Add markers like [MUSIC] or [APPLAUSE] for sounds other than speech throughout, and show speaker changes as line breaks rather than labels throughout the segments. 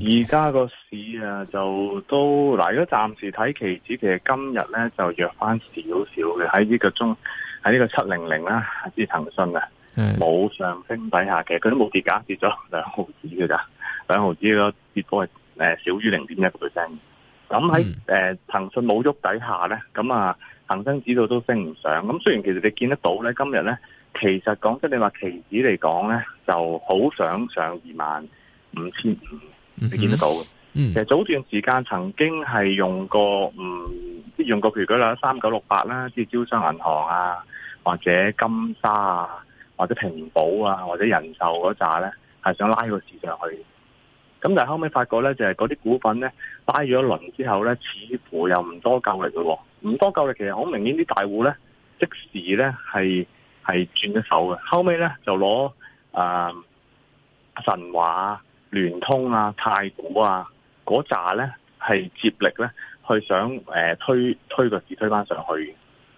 而家個市啊，就都嗱，如果暫時睇期指，其實今日咧就弱翻少少嘅。喺呢個中喺呢個七零零啦，支騰訊啊，冇上升底下其實，佢都冇跌價，跌咗兩毫子噶咋，兩毫子個跌幅係誒少於零點一個 percent。咁喺誒騰訊冇喐底下咧，咁啊恒生指數都升唔上。咁雖然其實你見得到咧，今日咧其實講真，你話期指嚟講咧，就好想上二萬五千五。你見得到嘅，其實早段時間曾經係用過，嗯，用過譬如嗰兩三九六八啦，即係招商銀行啊，或者金沙啊，或者平保啊，或者人壽嗰紮咧，係想拉個市場去。咁但係後尾發覺咧，就係嗰啲股份咧，拉咗一輪之後咧，似乎又唔多夠力嘅，唔多夠力。力其實好明顯啲大戶咧，即時咧係係轉咗手嘅。後尾咧就攞誒、呃、神話。聯通啊、太古啊，嗰紮咧係接力咧，去想誒、呃、推推個市推返上去。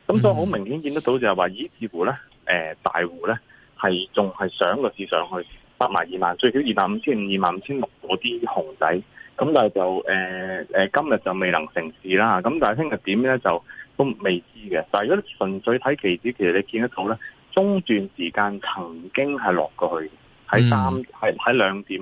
咁所以好明顯見得到就係話，咦？似乎咧誒、呃、大戶咧係仲係想個市上去，百埋二萬，最少二萬五千、二萬五千六嗰啲熊仔。咁但係就誒、呃、今日就未能成事啦。咁但係聽日點咧就都未知嘅。但係如果純粹睇期指，其實你見得到咧，中段時間曾經係落過去，喺三、嗯，喺喺兩點。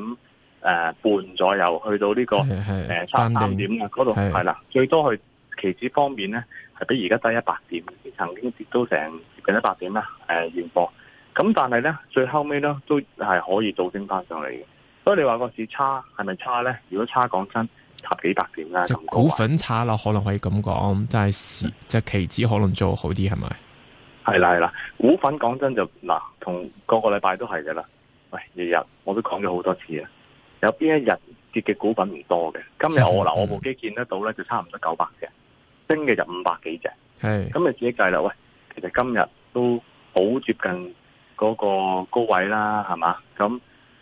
誒、呃，半左右去到呢、這個誒、呃、三三，三點嗰度係啦，最多去期指方面咧，係比而家低一百點，曾經跌到成接近一百點啦。誒、呃，現貨咁，但係咧最後尾咧都係可以做升翻上嚟嘅。所以你話個市是是差係咪差咧？如果差，講真差幾百點啦。就是、股份
差啦，可能可以咁講，但係即係期指可能做好啲係咪？
係啦係啦，股份講真就嗱，同個個禮拜都係噶啦。喂、哎，日日我都講咗好多次啊。有邊一日跌嘅股份唔多嘅？今日我嗱我部機見得到咧，就差唔多九百隻，升嘅就五百幾隻。係咁你自己計啦，喂，其實今日都好接近嗰個高位啦，係嘛？咁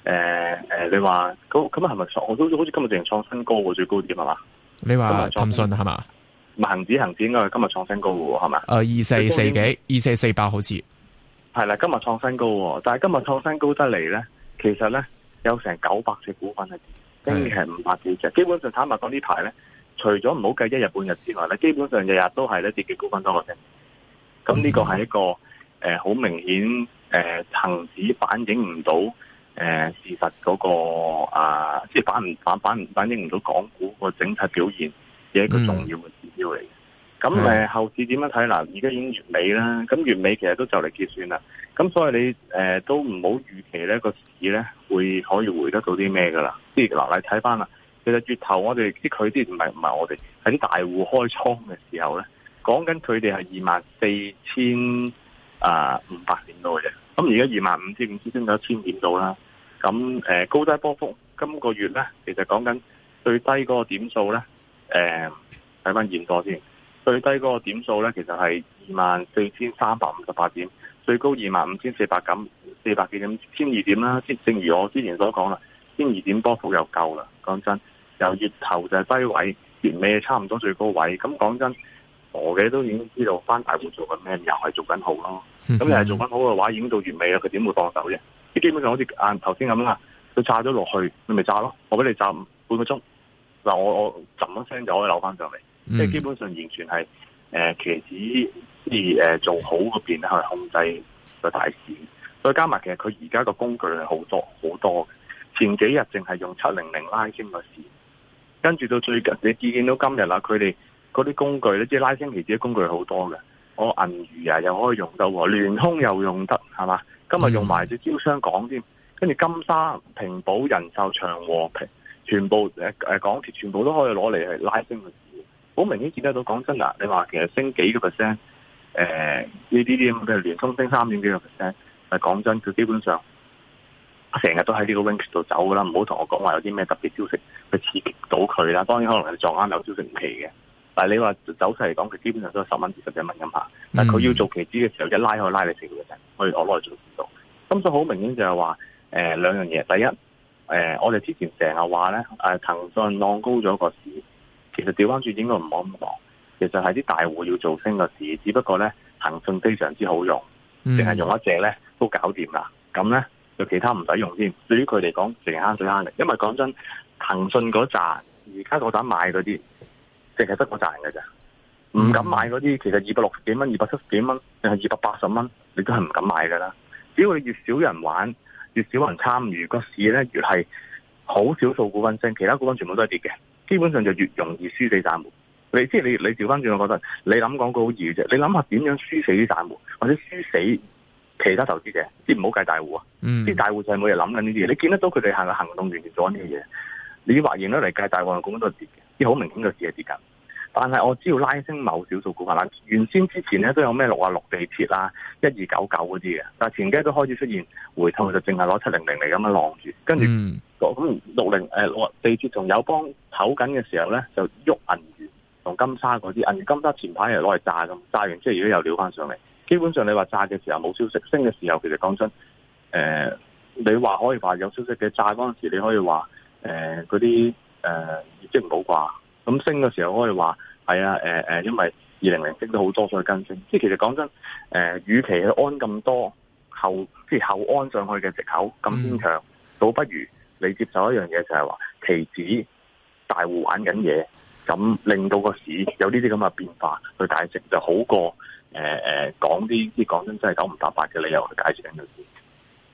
誒誒，你話咁咁係咪？我都好似今日直程創新高嘅最高點，係嘛？
你話騰
訊，係嘛？唔係，恒指恒指應該係今日創新高喎，係嘛？誒，
二
四四幾？二四四八好似
係啦。今日創新高，但係今日創新高得嚟，咧，其實咧。有成九百隻股份係跌，跟住係五百幾隻。基本上坦白講呢排咧，除咗唔好計一日半日之外咧，基本上日日都係咧跌嘅股份多過升。咁呢個係一個誒好、呃、明顯誒恒指反映唔到誒事實嗰、那個啊，即、呃、係反唔反反反映唔到港股個整體表現，嘅一個重要嘅指標嚟。咁、嗯、誒，後市點樣睇？嗱，而家已經月尾啦，咁月尾其實都就嚟結算啦。咁所以你誒、呃、都唔好預期咧個市咧會可以回得到啲咩噶啦。即係嗱，你睇翻啦，其實月頭我哋即佢啲唔係唔係我哋喺大戶開倉嘅時候咧，講緊佢哋係二萬四千啊五百點度嘅。咁而家二萬五千五千升咗一千點度啦。咁誒、呃、高低波幅今個月咧，其實講緊最低嗰個點數咧，誒睇翻現貨先看看。最低嗰個點數咧，其實係二萬四千三百五十八點，最高二萬五千四百咁四百幾點，千二點啦。正如我之前所講啦，千二點波幅又夠啦。講真，由月頭就係低位，月尾係差唔多最高位。咁講真，我嘅都已經知道翻大戶做緊咩，又係做緊好咯。咁又係做緊好嘅話，已經到月尾啦。佢點會放手啫？基本上好似啊頭先咁啦，佢炸咗落去，你咪炸咯。我俾你炸半個鐘嗱，我我浸一聲就可以扭翻上嚟。即、嗯、係基本上完全係誒，期指而誒做好嗰邊咧去控制個大市。再加埋其實佢而家個工具係好多好多嘅。前幾日淨係用七零零拉升個市，跟住到最近你至見到今日啦，佢哋嗰啲工具咧，即係拉升期指嘅工具好多嘅。我銀娛啊又可以用到，聯通又用得係嘛。今日用埋隻招商港添，跟住金沙、平保、人壽、長和、平，全部誒誒，港、呃、鐵全部都可以攞嚟去拉升個市。好明顯見得到，講真嗱，你話其實升幾個 percent，誒呢啲啲咁嘅聯通升三點幾個 percent，係講真，佢基本上成日都喺呢個 range 度走噶啦，唔好同我講話有啲咩特別消息去刺激到佢啦。當然可能係撞啱有消息唔期嘅，但係你話走勢嚟講，佢基本上都係十蚊至十一蚊咁下。但係佢要做期指嘅時候，一拉可以拉你四個 percent，我我耐做唔到。咁所以好明顯就係話誒兩樣嘢，第一誒、呃、我哋之前成日話咧，誒、啊、騰訊浪高咗個市。其實調翻轉應該唔好咁忙，其實係啲大戶要做升嘅事，只不過咧騰訊非常之好用，淨係用一隻咧都搞掂啦。咁咧就其他唔使用添，對於佢嚟講最慳最慳嘅。因為講真，騰訊嗰紮而家我等買嗰啲，淨係得我賺噶咋，唔敢買嗰啲。其實二百六十幾蚊，二百七十幾蚊定係二百八十蚊，你都係唔敢買噶啦。只要你越少人玩，越少人參與，個市咧越係好少數股份升，其他股份全部都係跌嘅。基本上就越容易輸死散戶，你即係你你調翻轉，我覺得你諗港股好易啫，你諗下點樣輸死散戶，或者輸死其他投資者，即係唔好計大戶啊，啲、嗯、大戶就係每日諗緊呢啲嘢，你見得到佢哋行嘅行動完全做緊呢啲嘢，你話嚴咗嚟計大戶，咁都係跌嘅，啲好明顯嘅跌嘅跡象。但係我只要拉升某少數股份啦，原先之前咧都有咩六啊六地鐵啦，一二九九嗰啲嘅，但係前幾日都開始出現回頭，就淨係攞七零零嚟咁樣晾住，跟住六零地鐵同友邦唞緊嘅時候咧就喐銀娛同金沙嗰啲銀金沙前排係攞嚟炸咁，炸完之後而家又撩翻上嚟。基本上你話炸嘅時候冇消息，升嘅時候其實講真誒，你話可以話有消息嘅炸嗰陣時，你可以話嗰啲誒業績唔好啩？呃咁升嘅時候可以話係啊、呃，因為二零零升咗好多，所以更升。即係其實講真，誒、呃，與其去安咁多後，即係後安上去嘅藉口咁堅強，倒不如你接受一樣嘢，就係話期指大戶玩緊嘢，咁令到個市有呢啲咁嘅變化去解釋，就好過誒、呃、講啲啲講真真係九唔搭八嘅理由去解釋緊佢。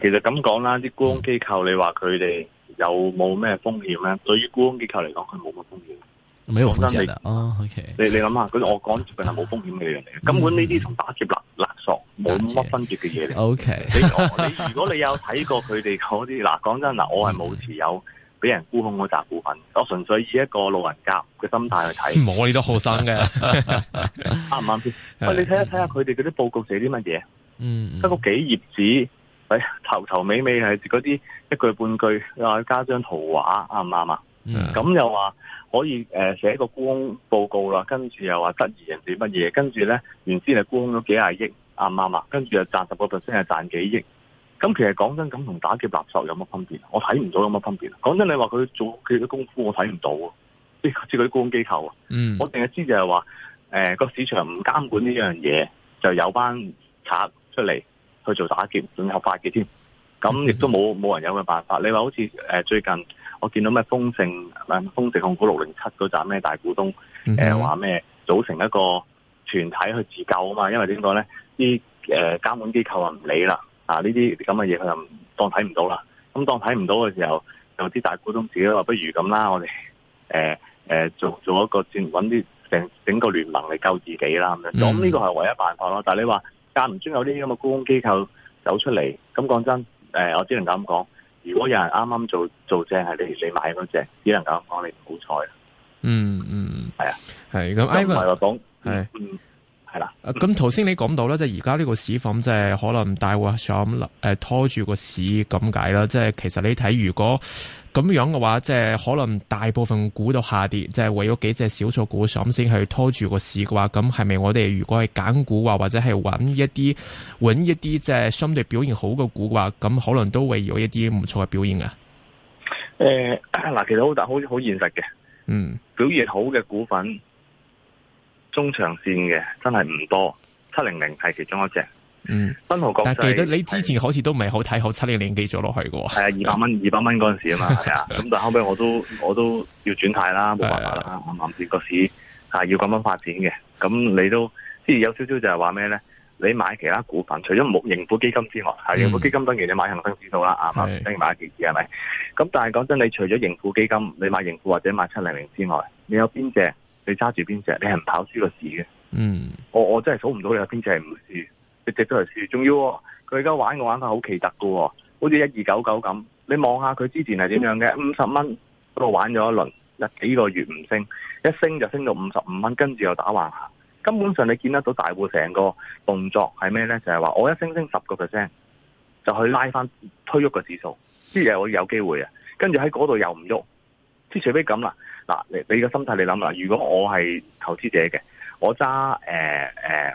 其實咁講啦，啲沽空機構你話佢哋有冇咩風險咧？對於沽空機構嚟講，佢冇乜風險，冇風險啊、哦 okay！你你諗下，佢我講最近係冇風險嘅一樣嚟嘅，根本呢啲同打劫勒勒索冇乜分別嘅嘢嚟。O K，你,說、okay、你,說你如果你有睇過佢哋嗰啲嗱，講真嗱，我係冇持有俾人沽空嗰扎股份，我純粹以一個老人家嘅心態去睇，我
哋都好生嘅，
啱唔啱先？喂，你睇一睇下佢哋嗰啲報告寫啲乜嘢？嗯，不過幾頁紙。頭頭尾尾係嗰啲一句半句，又加張圖畫，啱唔啱啊？咁又話可以誒寫個沽空報告啦，跟住又話質疑人哋乜嘢，跟住咧原先係沽空咗幾廿億，啱唔啱啊？跟住又賺十個 percent 係賺幾億，咁其實講真，咁同打劫垃圾有乜分別？我睇唔到有乜分別。講真你，你話佢做佢嘅功夫，我睇唔到。啲、欸，即係嗰啲沽空機構啊，mm. 我淨係知就係話，誒、呃、個市場唔監管呢樣嘢，就有班賊出嚟。去做打劫，仲合法嘅添，咁亦都冇冇人有嘅辦法。你話好似誒、呃、最近我見到咩豐盛，豐盛控股六零七嗰扎咩大股東誒話咩組成一個團體去自救啊嘛？因為點講咧，啲誒監管機構就唔理啦，啊呢啲咁嘅嘢佢就當睇唔到啦。咁當睇唔到嘅時候，有啲大股東自己話不如咁啦，我哋誒誒做做一個先，搵啲成整個聯盟嚟救自己啦咁樣。咁，mm-hmm，呢個係唯一辦法咯。但係你話。間唔中有啲咁嘅沽空機構走出嚟，咁講真，誒、呃，我只能咁講，如果有人啱啱做做正係你你買嗰隻，只能咁講你唔好彩。嗯嗯嗯，係啊，係咁。係、嗯、講、係、嗯。嗯嗯嗯嗯嗯
係啦，咁頭先你講到咧，即係而家呢個市況即係可能大話想誒拖住個市咁解啦。即係其實你睇，如果咁樣嘅話，即係可能大部分股都下跌，即係唯有幾隻少數股上先去拖住個市嘅話，咁係咪我哋如果係揀股或或者係揾一啲揾一啲即係相對表現好嘅股嘅話，咁可能都會有一啲唔錯嘅表現啊？誒，
嗱，其實好大好好現實嘅，嗯，表現好嘅股份。中長線嘅真係唔多，七零零係其中一隻。嗯，分毫國際。但記得你之前
好似都唔係好睇好七零零繼續落去嘅。係啊，
二百蚊，二百蚊嗰陣時啊嘛，係 [LAUGHS] 啊。咁但係後尾我都我都要轉態啦，冇辦法啦。我諗住個市係要咁樣發展嘅。咁你都即係有少少就係話咩咧？你買其他股份，除咗冇盈富基金之外，係盈富基金當然你買恒生指數啦，啱唔啱？當然買期指係咪？咁但係講真，你除咗盈富基金，你買盈富或者買七零零之外，你有邊隻？你揸住邊隻？你係唔跑輸個市嘅？嗯，我我真係數唔到有邊隻係唔輸，你隻都係輸。仲要佢而家玩個玩法好奇特噶，好似一二九九咁。你望下佢之前係點樣嘅？五十蚊嗰度玩咗一輪，一幾個月唔升，一升就升到五十五蚊，跟住又打橫行。根本上你見得到大戶成個動作係咩呢？就係話我一升升十個 percent 就去拉翻推喐個指數，啲嘢我有機會啊！跟住喺嗰度又唔喐。即除非咁啦，嗱你你嘅心態你諗啦，如果我係投資者嘅，我揸誒誒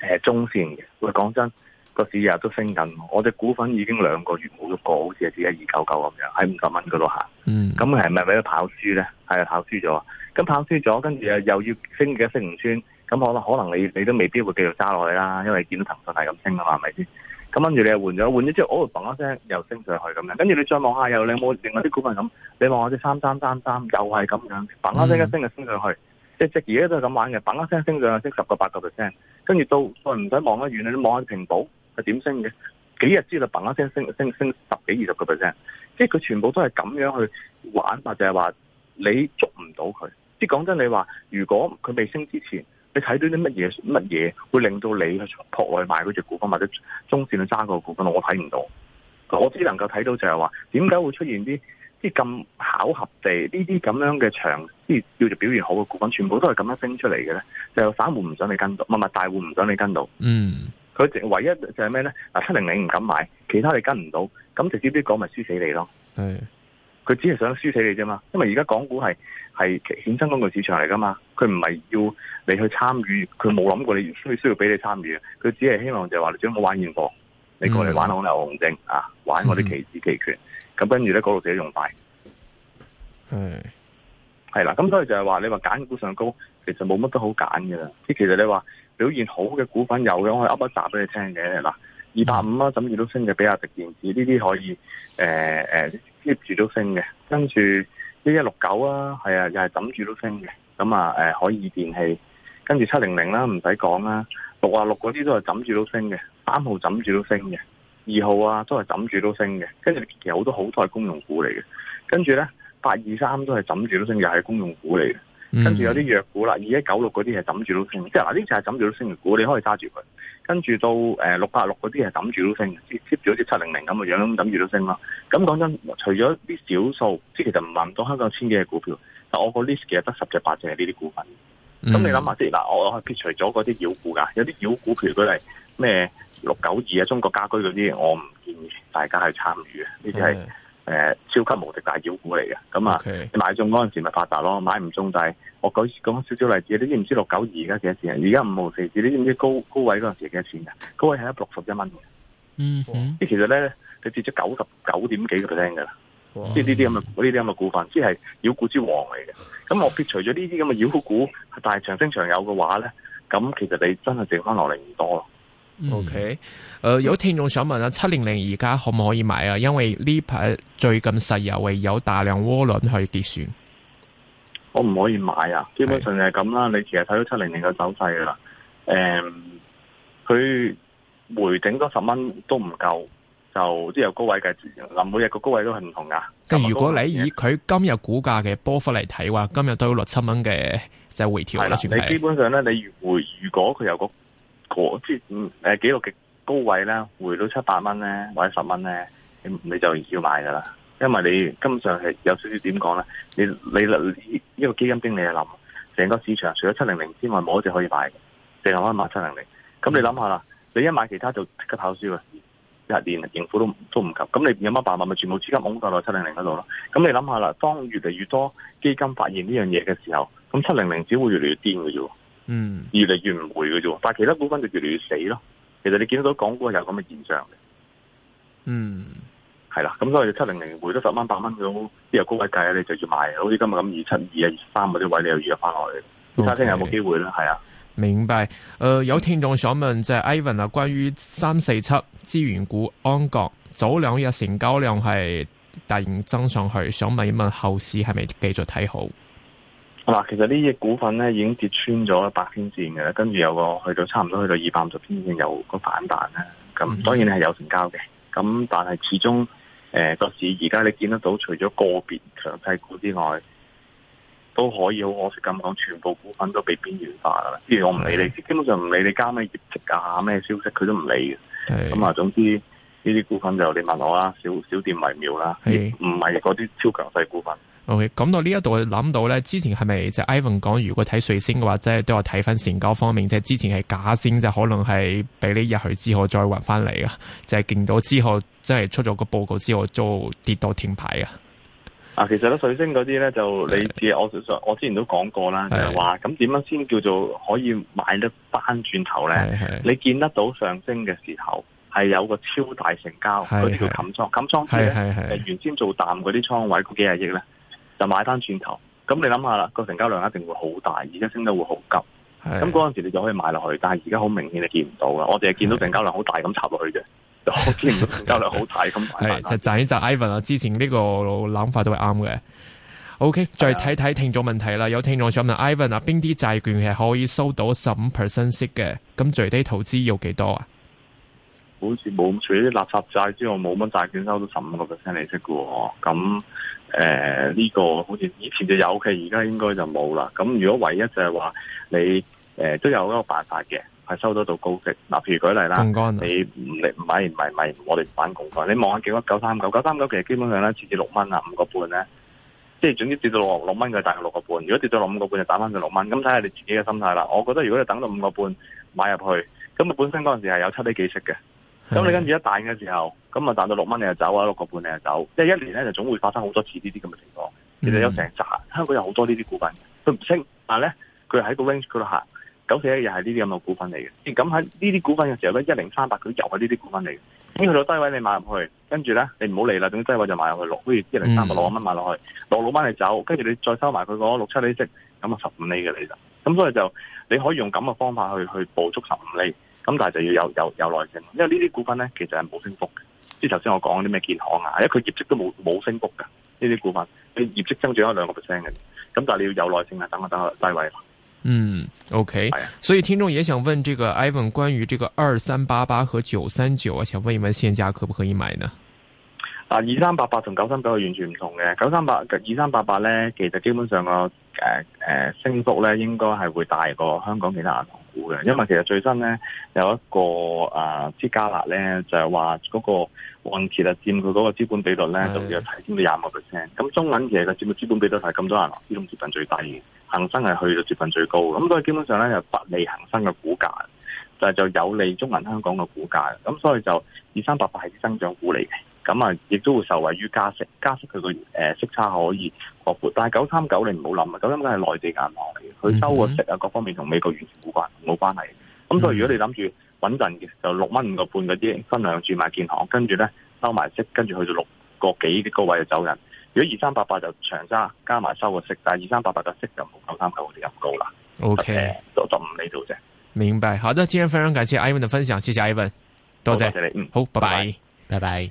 誒中線嘅，喂講真個市日都升緊，我隻股份已經兩個月冇喐過，好似係隻一二九九咁樣喺五十蚊嗰度行，咁係咪咪都跑輸咧？係啊，跑輸咗，咁跑輸咗，跟住又又要升幾多升唔穿，咁可能你你都未必會繼續揸落去啦，因為見到騰訊係咁升啊嘛，係咪先？咁跟住你又換咗，換咗之後，哦，砰一聲又升上去咁樣。跟住你再望下，又你有冇另外啲股份咁，你望下隻三三三三，又係咁樣，砰一聲一聲就升上去。即係即而家都係咁玩嘅，砰一聲升上去，看看升十個八個 percent。跟住到再唔使望得遠，你望下平保係點升嘅，幾日之內砰一聲升升升十幾二十個 percent。即係佢全部都係咁樣去玩，或者係話你捉唔到佢。即係講真，你話如果佢未升之前。你睇到啲乜嘢？乜嘢會令到你去撲外買嗰隻股份，或者中線去揸個股份？我睇唔到，我只能夠睇到就係話點解會出現啲啲咁巧合地呢啲咁樣嘅長，即係叫做表現好嘅股份，全部都係咁樣升出嚟嘅咧？就散戶唔想你跟到，唔係大戶唔想你跟到，嗯、mm.，佢唯一就係咩咧？嗱，七零零唔敢買，其他你跟唔到，咁直接啲講咪輸死你咯，係、mm.。佢只係想輸死你啫嘛，因為而家港股係係衍生工具市場嚟噶嘛，佢唔係要你去參與，佢冇諗過你原需要俾你參與，佢只係希望就係話你只冇玩現貨、嗯，你過嚟玩我牛熊證啊，玩我啲期指期權，咁跟住咧嗰度自己用快，係、嗯，係啦，咁所以就係話你話揀股上高，其實冇乜都好揀嘅啦，即係其實你話表現好嘅股份有嘅，我可以噏一沓俾你聽嘅，嗱、啊嗯，二百五啊，咁亦都升嘅，比亞迪電子呢啲可以，誒、呃、誒。呃枕住都升嘅，跟住一一六九啊，係啊，又係枕住都升嘅。咁啊，誒，海爾電器，跟住七零零啦，唔使講啦，六啊六嗰啲都係枕住都升嘅，三號枕住都升嘅，二號啊都係枕住都升嘅。跟住其實好多好多係公用股嚟嘅，跟住咧八二三都係枕住都升，又係公用股嚟嘅。跟住有啲弱股啦，二一九六嗰啲係枕住都升，即係嗱呢隻係枕住都升嘅股，你可以揸住佢。跟住到誒六八六嗰啲係揼住都升，keep 住好似七零零咁嘅樣揼住都升啦。咁講真，除咗啲少數，即係其實唔難到香港千幾嘅股票。但我個 list 其實得十隻八隻係呢啲股份。咁、嗯、你諗下即嗱，我我撇除咗嗰啲妖股㗎，有啲妖股譬如佢哋咩六九二啊、中國家居嗰啲，我唔建議大家去參與嘅。呢啲係。誒，超級無敵大妖股嚟嘅，咁啊，你、okay，買中嗰陣時咪發達咯，買唔中但係我舉講少少例子，你知唔知六九二而家幾多錢啊？而家五毫四紙，你知唔知高高位嗰陣時幾多錢嘅？高位係一百六十一蚊嘅，嗯，即其實咧，佢跌咗九十九點幾個 percent 嘅啦，即係呢啲咁嘅呢啲咁嘅股份，即、就、係、是、妖股之王嚟嘅。咁我撇除咗呢啲咁嘅妖股，但係長升長有嘅話咧，咁其實你真係剩翻落嚟唔多。O K，誒，有
聽眾想問啊，七零零而家可唔可以買啊？因為呢排最近石油係有大量渦輪去結算，
可唔可以買啊？基本上就係咁啦，你其實睇到七零零嘅走勢啦，誒、嗯，佢回整多十蚊都唔夠，就即係有高位計，嗱，每日個高位都係唔同噶。咁如果你以
佢今日股價嘅波幅嚟睇話，嗯、今日都有六七蚊嘅就係回調啦，你基
本上咧，你回如果佢有、那個。我即係誒，幾個極高位咧，回到七百蚊咧，或者十蚊咧，你就要買噶啦。因為你根本上係有少少點講咧，你你呢個基金經理啊諗，成個市場除咗七零零之外冇一隻可以買，淨係可以買七零零。咁你諗下啦，你一買其他就即刻跑輸嘅，一年連盈富都都唔及。咁你有乜辦法咪全部資金㧬到落七零零嗰度咯？咁你諗下啦，當越嚟越多基金發現呢樣嘢嘅時候，咁七零零只會越嚟越癲嘅啫。嗯，越嚟越唔回嘅啫，但係其他股份就越嚟越死咯。其實你見到港股有咁嘅現象，嘅，嗯，係啦。咁所以七零零回都十蚊八蚊咁，啲又高位計你就要賣，好似今日咁二七二啊二三嗰啲位，你又入翻落去。咁、okay, 沙有冇機會咧？係啊，
明白。誒、呃，有聽眾想問，就係，Ivan 啊，關於三四七資源股安國早兩日成交量係突然增上去，想問一問後市係咪繼續睇好？
嗱，其實呢隻股份咧已經跌穿咗百天線嘅，跟住有個去到差唔多去到二百五十天線有個反彈咧。咁當然你係有成交嘅，咁但係始終誒個市而家你見得到，除咗個別強勢股之外，都可以好可惜咁講，全部股份都被邊緣化啦。譬如我唔理你，基本上唔理你加咩業績啊咩消息，佢都唔理嘅。咁啊，總之呢啲股份就你問我啦，小小店為妙啦，唔係嗰啲超強勢
股份。OK，講到呢一度諗到咧，之前係咪就係 Ivan 講，如果睇瑞星嘅話，即係都有睇翻成交方面。即係之前係假先，就可能係俾你入去之後再搵翻嚟啊。就係、是、見到之後，即係出咗個報告之後就跌到停牌啊。
啊，其實咧瑞星嗰啲咧就你自己我我之前都講過啦，就係話咁點樣先叫做可以買得翻轉頭咧？你見得到上升嘅時候，係有個超大成交，佢啲叫冚倉。冚倉係咧係原先做淡嗰啲倉位，嗰幾廿億咧。就買單轉頭，咁你諗下啦，個成交量一定會好大，而家升得會好急，咁嗰陣時你就可以買落去，但係而家好明顯你見唔到啦，我淨係見到成交量好大咁插落去嘅，我見唔到成交量好大咁。係
[LAUGHS] 就賺就賺 Ivan 之前呢個諗法都係啱嘅。OK，再睇睇聽眾問題啦，有聽眾想問 Ivan 啊，邊啲債券係可以收到十五 percent 息嘅？咁最低投資要幾多啊？
好似冇，除咗啲垃圾債之外，冇乜債券收到十五個 percent 利息嘅，咁。誒、呃，呢、這個好似以前就有嘅，佢而家應該就冇啦。咁如果唯一就係話你誒、呃，都有一個辦法嘅，係收得到高息。嗱、啊，譬如舉例啦，你唔嚟唔買唔賣唔我哋反槓桿，你望下幾多九三九，九三九，三九，三九其實基本上咧，次次六蚊啊，五個半咧，即係總之跌到六六蚊嘅，大概六個半。如果跌到六五個半就打返佢六蚊，咁睇下你自己嘅心態啦。我覺得如果你等到五個半買入去，咁本身嗰陣時係有七厘幾息嘅。咁、嗯、你、嗯、跟住一彈嘅時候，咁啊彈到六蚊你就走啊，六個半你就走，即係一年咧就總會發生好多次呢啲咁嘅情況。其實有成扎，香港有好多呢啲股份，佢唔升，但係咧佢喺個 range 嗰度行。九四一又係呢啲咁嘅股份嚟嘅，咁喺呢啲股份嘅時候咧，一零三八佢又係呢啲股份嚟嘅。咁去到低位你買入去，跟住咧你唔好理啦，總之低位就買入去六，跟住一零三八六啊蚊買落去，落六蚊你走，跟住你再收埋佢嗰六七厘息，咁啊十五厘嘅你就，咁所以就你可以用咁嘅方法去去捕捉十五厘。咁但係就要有有有耐性，因為呢啲股份咧，其實係冇升幅嘅。即係頭先我講啲咩建行啊，因為佢業績都冇冇升幅嘅呢啲股份，啲業績增長咗有兩個 percent 嘅。咁但係你要有耐性啊，等下等下低位。嗯
，OK，係啊。所以聽眾也想問這個 Ivan 關於這個二三八八和九三九啊，想問一問現價可不可以買呢？
啊，二三八八同九三九係完全唔同嘅。九三八二三八八咧，其實基本上個誒誒升幅咧，應該係會大過香港其他銀行。嘅，因為其實最新咧有一個啊，斯嘉麗咧就係話嗰個運期啊，佔佢嗰個資本比率咧就有提升到廿五個 percent，咁中銀其實佔嘅資本比率係咁多人呢種接近最低，恒生係去到接近最高，咁所以基本上咧就不利恒生嘅股價，就係、是、就有利中銀香港嘅股價，咁所以就二三八八係啲增長股嚟嘅。咁啊，亦都會受惠於加息，加息佢個誒息差可以擴闊。但係九三九你唔好諗啊，九三九係內地銀行嚟
嘅，佢、嗯、收個息
啊各方面同美國完全冇關冇關係。咁所以如果你諗住穩陣嘅，就六蚊五個半嗰啲，分兩注買建行，跟住咧收埋息，跟住去到六個幾嘅高位就走人。如果二三八八就長揸，加埋收個息，但係二三八八個息就冇九三九咁高啦。
OK，就唔
五理到啫。
明白，好的。今日非常感謝 Ivan 的分享，謝謝 Ivan，多謝，多謝你，嗯，好，拜拜，拜拜。